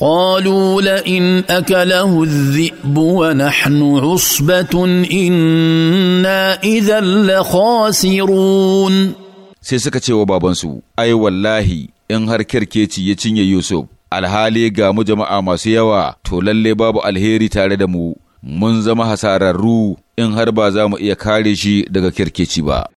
قالوا لئن اكله الذئب ونحن عصبه انا اذا لخاسرون sai suka ce wa babansu ai wallahi in har kirkeci ya cinye yusuf alhali ga mu jama'a masu yawa to lalle babu alheri tare da mu mun zama hasararru in har ba za mu iya kare shi daga kirkeci ba